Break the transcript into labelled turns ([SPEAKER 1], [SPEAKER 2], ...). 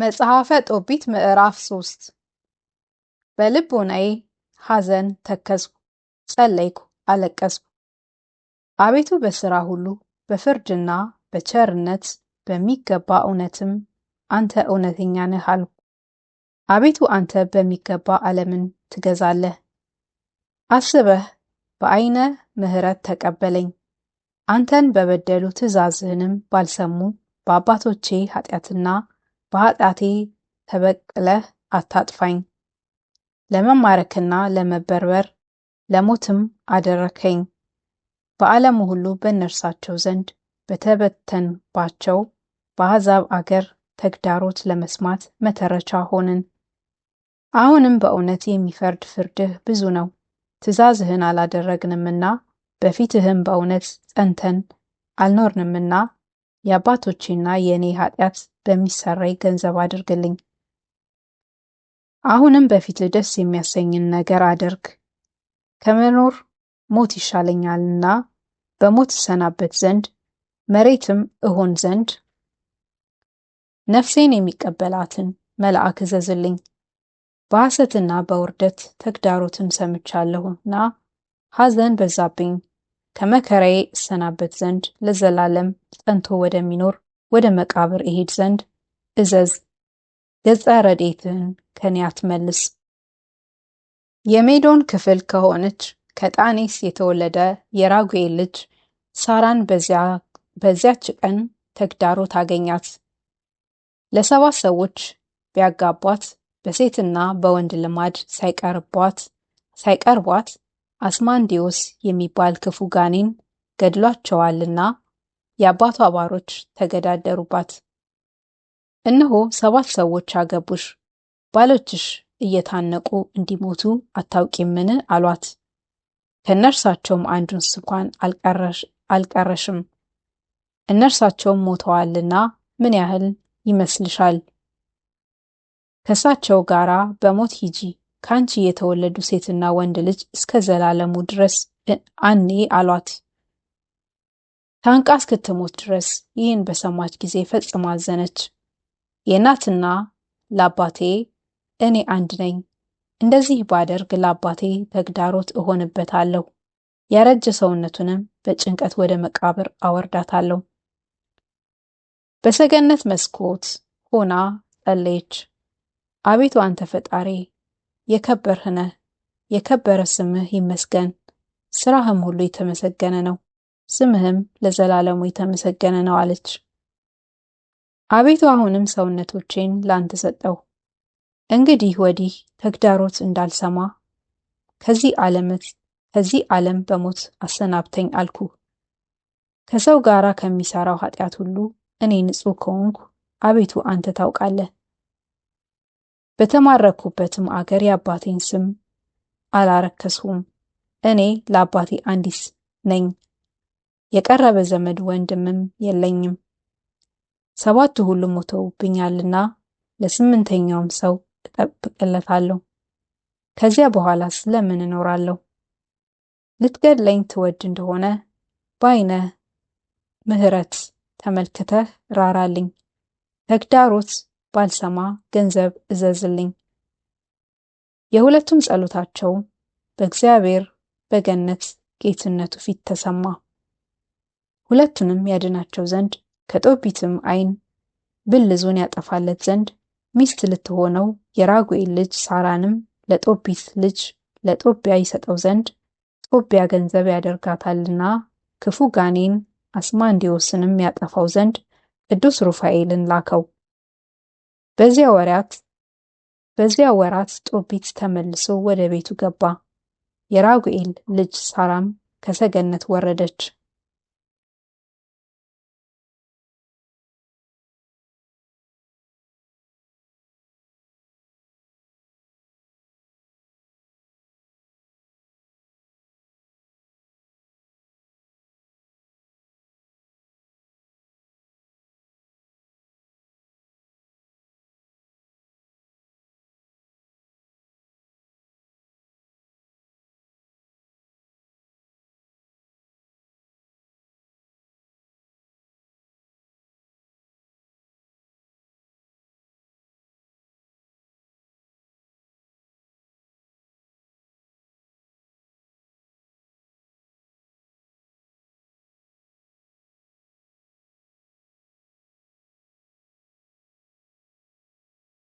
[SPEAKER 1] መጽሐፈ ጦቢት ምዕራፍ ሶስት በልቦናዬ ሐዘን ተከዝኩ፣ ጸለይኩ፣ አለቀስኩ። አቤቱ በሥራ ሁሉ በፍርድና በቸርነት በሚገባ እውነትም አንተ እውነተኛ ነህ አልኩ። አቤቱ አንተ በሚገባ ዓለምን ትገዛለህ። አስበህ በዐይነ ምሕረት ተቀበለኝ። አንተን በበደሉ ትእዛዝህንም ባልሰሙ በአባቶቼ ኃጢአትና በኃጢአቴ ተበቅለህ አታጥፋኝ። ለመማረክና ለመበርበር ለሞትም አደረከኝ። በዓለሙ ሁሉ በእነርሳቸው ዘንድ በተበተንባቸው በአሕዛብ አገር ተግዳሮት ለመስማት መተረቻ ሆንን። አሁንም በእውነት የሚፈርድ ፍርድህ ብዙ ነው። ትእዛዝህን አላደረግንምና በፊትህም በእውነት ጸንተን አልኖርንምና የአባቶቼና የእኔ ኃጢአት በሚሰራይ ገንዘብ አድርግልኝ። አሁንም በፊት ደስ የሚያሰኝን ነገር አድርግ። ከመኖር ሞት ይሻለኛልና በሞት እሰናበት ዘንድ መሬትም እሆን ዘንድ ነፍሴን የሚቀበላትን መልአክ እዘዝልኝ። በሐሰትና በውርደት ተግዳሮትን ሰምቻለሁና ሐዘን በዛብኝ። ከመከራዬ እሰናበት ዘንድ ለዘላለም ጸንቶ ወደሚኖር ወደ መቃብር እሄድ ዘንድ እዘዝ። ገጸ ረዴትህን ከኔ አትመልስ። የሜዶን ክፍል ከሆነች ከጣኔስ የተወለደ የራጉኤል ልጅ ሳራን በዚያች ቀን ተግዳሮት አገኛት። ለሰባት ሰዎች ቢያጋቧት በሴትና በወንድ ልማድ ሳይቀርቧት አስማንዲዮስ የሚባል ክፉ ጋኔን ገድሏቸዋልና የአባቷ አባሮች ተገዳደሩባት። እነሆ ሰባት ሰዎች አገቡሽ፣ ባሎችሽ እየታነቁ እንዲሞቱ አታውቂምን? አሏት። ከእነርሳቸውም አንዱን ስንኳን አልቀረሽም፣ እነርሳቸውም ሞተዋልና ምን ያህል ይመስልሻል? ከእሳቸው ጋራ በሞት ሂጂ፣ ከአንቺ የተወለዱ ሴትና ወንድ ልጅ እስከ ዘላለሙ ድረስ አኔ አሏት። ታንቃ እስክትሞት ድረስ ይህን በሰማች ጊዜ ፈጽማ አዘነች። የእናትና ለአባቴ እኔ አንድ ነኝ፣ እንደዚህ ባደርግ ለአባቴ ተግዳሮት እሆንበታለሁ፣ ያረጀ ሰውነቱንም በጭንቀት ወደ መቃብር አወርዳታለሁ። በሰገነት መስኮት ሆና ጸለየች። አቤቱ አንተ ፈጣሪ የከበርህ ነህ፣ የከበረ ስምህ ይመስገን፣ ስራህም ሁሉ የተመሰገነ ነው። ስምህም ለዘላለሙ የተመሰገነ ነው አለች። አቤቱ አሁንም ሰውነቶቼን ላንተ ሰጠው፣ እንግዲህ ወዲህ ተግዳሮት እንዳልሰማ ከዚህ ዓለምት ከዚህ ዓለም በሞት አሰናብተኝ አልኩ። ከሰው ጋራ ከሚሰራው ኃጢአት ሁሉ እኔ ንጹሕ ከሆንኩ አቤቱ አንተ ታውቃለህ። በተማረኩበትም አገር የአባቴን ስም አላረከስሁም። እኔ ለአባቴ አንዲት ነኝ የቀረበ ዘመድ ወንድምም የለኝም ሰባቱ ሁሉ ሞተውብኛልና ለስምንተኛውም ሰው እጠብቅለታለሁ። ከዚያ በኋላ ስለምን እኖራለሁ? ልትገድለኝ ትወድ እንደሆነ በአይነ ምሕረት ተመልክተህ ራራልኝ። ተግዳሮት ባልሰማ ገንዘብ እዘዝልኝ። የሁለቱም ጸሎታቸው በእግዚአብሔር በገነት ጌትነቱ ፊት ተሰማ። ሁለቱንም ያድናቸው ዘንድ ከጦቢትም ዓይን ብልዙን ያጠፋለት ዘንድ ሚስት ልትሆነው የራጉኤል ልጅ ሳራንም ለጦቢት ልጅ ለጦቢያ ይሰጠው ዘንድ ጦቢያ ገንዘብ ያደርጋታልና ክፉ ጋኔን አስማንዲዮስንም ያጠፋው ዘንድ ቅዱስ ሩፋኤልን ላከው። በዚያ ወራት በዚያ ወራት ጦቢት ተመልሶ ወደ ቤቱ ገባ። የራጉኤል ልጅ ሳራም ከሰገነት ወረደች።